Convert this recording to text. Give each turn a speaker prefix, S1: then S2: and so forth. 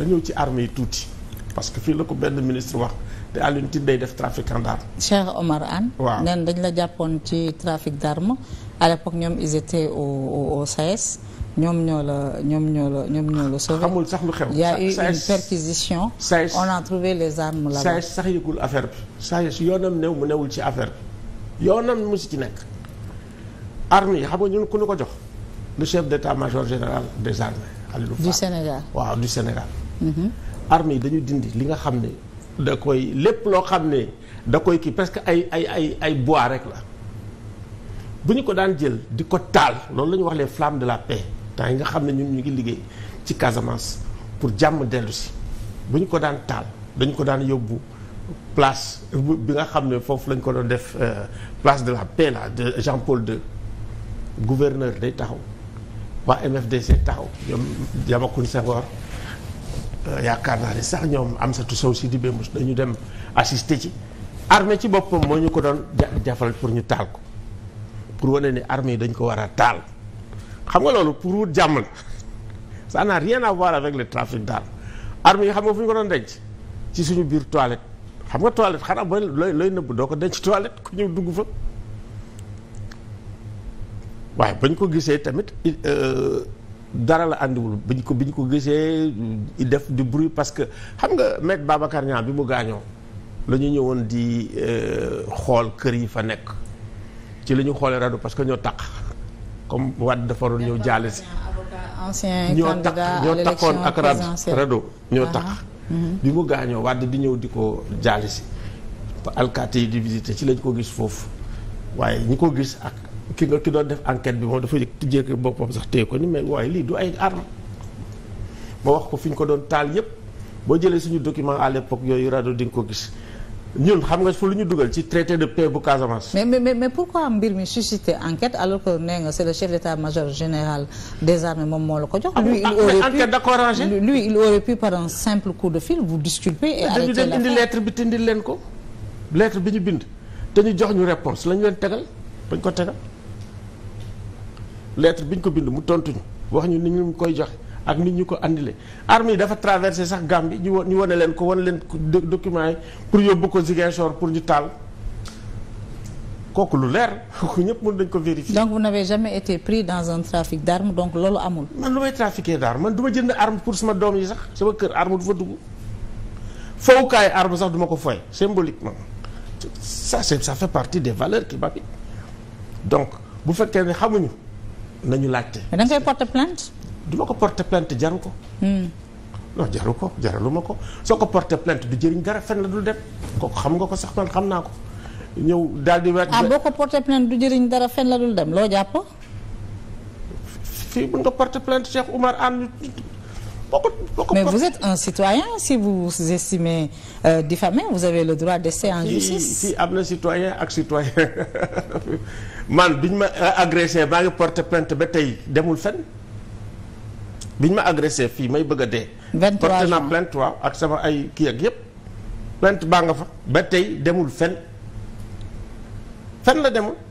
S1: la ñëw ci armée yi tuuti parce que fii la ko benn ministre wax te Alioune day def trafiquant d'armes.
S2: Cheikh Omar Anne. waaw neen dañ la jàppoon ci trafic d'armes à l'époque ñoom ils étaient au SAES e ñoom ñoo la ñoom ñoo la ñoom xamul sax lu xew il a eu une e perquisition. SAES e on a
S1: trouvé les armes là-bas. SAES sax yëgul affaire bi. SAES yoonam néew mu newul ci affaire bi yoonam mu ci nekk armes yi xam nga ñun ku ñu ko jox le chef d'état-major général des armées. Aliou du Sénégal waaw du Sénégal. Mm-hmm. armée yi dañu dindi li nga xam ne da koy lépp loo xam ne da koy kii parce ay ay ay ay bois rek la bu ñu ko daan jël di ko taal loolu la ñuy wax les flammes de la paix temps yi nga xam ne ñun ñu ngi liggéey ci Casamance pour jàmm dellu si bu ñu ko daan taal dañu ko daan yóbbu place bi nga xam ne foofu lañ ko doon def euh, place de la paix là de Jean Paul II gouverneur day taxaw waa MFDC taxaw ñoom Yamakhoune Euh, yaakaar naa ne sax ñoom Amsatou Sow Sidibé mos dañu dem assister ci armée ci boppam moo ñu ko doon jafal pour ñu taal ko pour wane ni armée yi dañ ko war a taal xam nga loolu pour wut jàmm la ça n'a rien à voir avec le trafic daal armée yi xam nga fu ñu ko doon denc ci suñu biir toilette xam nga toilette xanaa ba looy looy nëbb doo ko denc toilette ku ñëw dugg fa waaye bañ ko gisee tamit euh, dara la àndiwul biñ ko bi ñu ko gisee def di bruit parce que xam nga maître Babacar Niang bi mu gaañoo la ñu ñëwoon di euh, xool kër yi fa nekk ci la ñu xoolee rado parce que ñoo taq comme Wade dafa waroon ñëw jaale si
S2: ñoo taq ñoo taqoon ak rado ñoo taq ah, mhm.
S1: bi mu gaañoo Wade di ñëw di ko jaale si alkaati yi di visité ci lañ ko gis foofu waaye ñu ko gis ak ki nga ki doon def enquête bi moom dafa jékki boppam sax téye ko ni mais waaye lii du ay arme ma wax ko fi ñu ko doon taal yépp boo jëlee suñu document à l'époque yooyu rajo di nga ko gis ñun xam nga fu lu ñu dugal ci traité de paix bu Casamance.
S2: mais mais mais pourquoi mbir mi suscité enquête alors que nee nga c'est le chef d'état-major général des moom moo la ko jox. Ah, ah, lui il aurait pu par un simple coup de fil vous disculper. et ah, arrêter la dañu dem indi
S1: lettre leen ko lettre bi ñu bind te ñu jox ñu réponse lañu leen tegal bañ ko tegal. lettre bi ñu ko bind mu tontuñu wax ñu ni ñu koy joxe ak nit ñu ko andile armes yi dafa traversé sax Gambie ñu ñu wane leen ko wane leen document yi pour yóbbu ko Ziguinchor pour ñu taal kooku lu leer kooku ñëpp mën nañ ko vérifier.
S2: donc vous n'avez jamais été pris dans un trafic d'armes donc loolu
S1: amul. man lu may trafiquer man du ma jënd arme pour sama doom yi sax sama kër arme du fa dugg fowukaayu arme sax du ma ko foy symboliquement ça c'est ça partie des valeurs qui bu fekkee ne xamuñu. nañu laajte. mais da ngay porter plainte. du ma ko porter plainte jaru ko. Hmm. non jaru ko jaralu ma ko soo ko porter plainte du jëriñ dara fen la dul dem kooku xam nga ko sax man xam naa ko ñëw daal di. ah
S2: boo ko porter plainte du jëriñ dara fen la dul dem loo jàpp.
S1: fii mën nga porter plainte Cheikh Oumar Anne. mais
S2: vous êtes un citoyen si vous estimez euh, diffamé vous avez le droit d'ester en justice
S1: si am na citoyen ak citoyen man biñ ma euh, agressé maa ngi porté plainte ba tey demul fenn biñ ma agressé fii may bëgg a dee porté naa plainte waaw ak sama ay kii ak yëpp plainte baa nga fa ba tey demul fenn fenn la demul